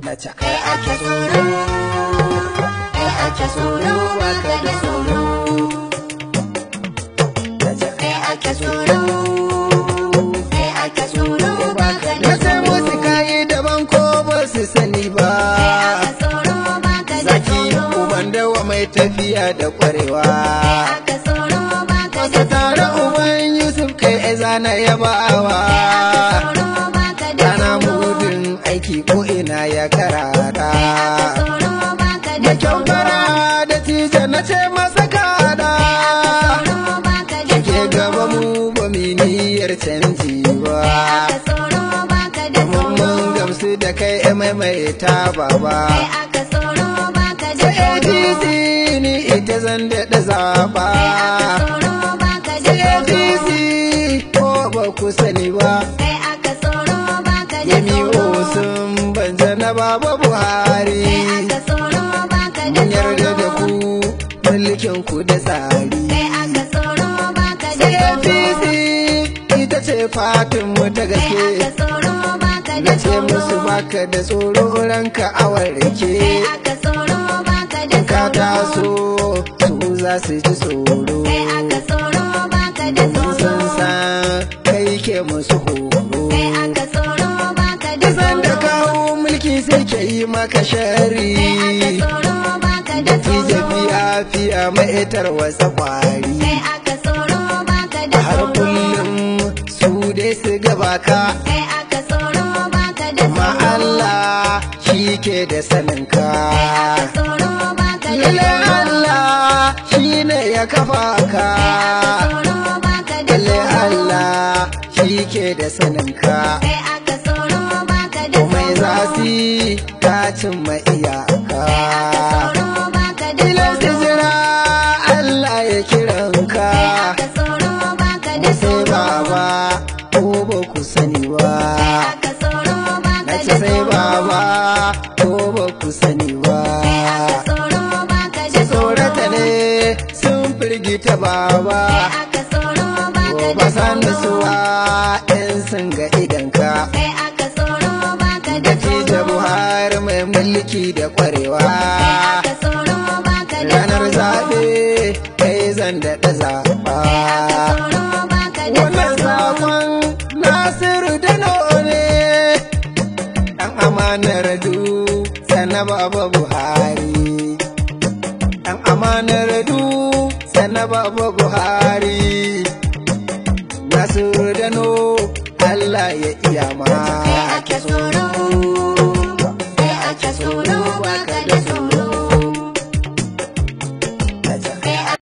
na ce kai ake tsoro kai ake tsoro ba ka tsoro na ce kai ake tsoro kai ake tsoro ba ka da tsoro na musu kayi daban ko ba su sani ba zaki uban mai tafiya da kwarewa Masa tare Yusuf kai zana yabawa. aiki ko ina ya karata da kyau gara da tija na ce masa kada da ke gaba mu ba miniyar canji ba domin mun gamsu da kai maimaita baba sai ADC ni ita zan daɗa zaba cikin ku da tsari. APC ita ce fatin mu ta gaske. da tsoro. Na ce musu baka da tsoro ranka a ka taso su za su ji tsoro. Kai aka ba da tsoro. horo. da kawo mulki sai ke yi maka shari. Kai aka tsoro mai wasa kwari sai aka tsoro baka da har kullum su dai su gaba ka sai aka tsoro baka da kuma Allah shi ke da sanin ka kai aka tsoro baka shi ne ya kafa ka kai aka tsoro baka da Allah shi ke da sanin ka kai aka ta cimma iyaka ko ba ku sani ba tsorata ne sun firgita baba ko ba san da suwa in sun ga idanka da buhari mai mulki da kwarewa ranar zaɓe kai zan da zaɓa wannan zaɓen nasiru da amanar du sana baba buhari dan amanar du sana baba buhari nasiru allah ya iya ma ake tsoro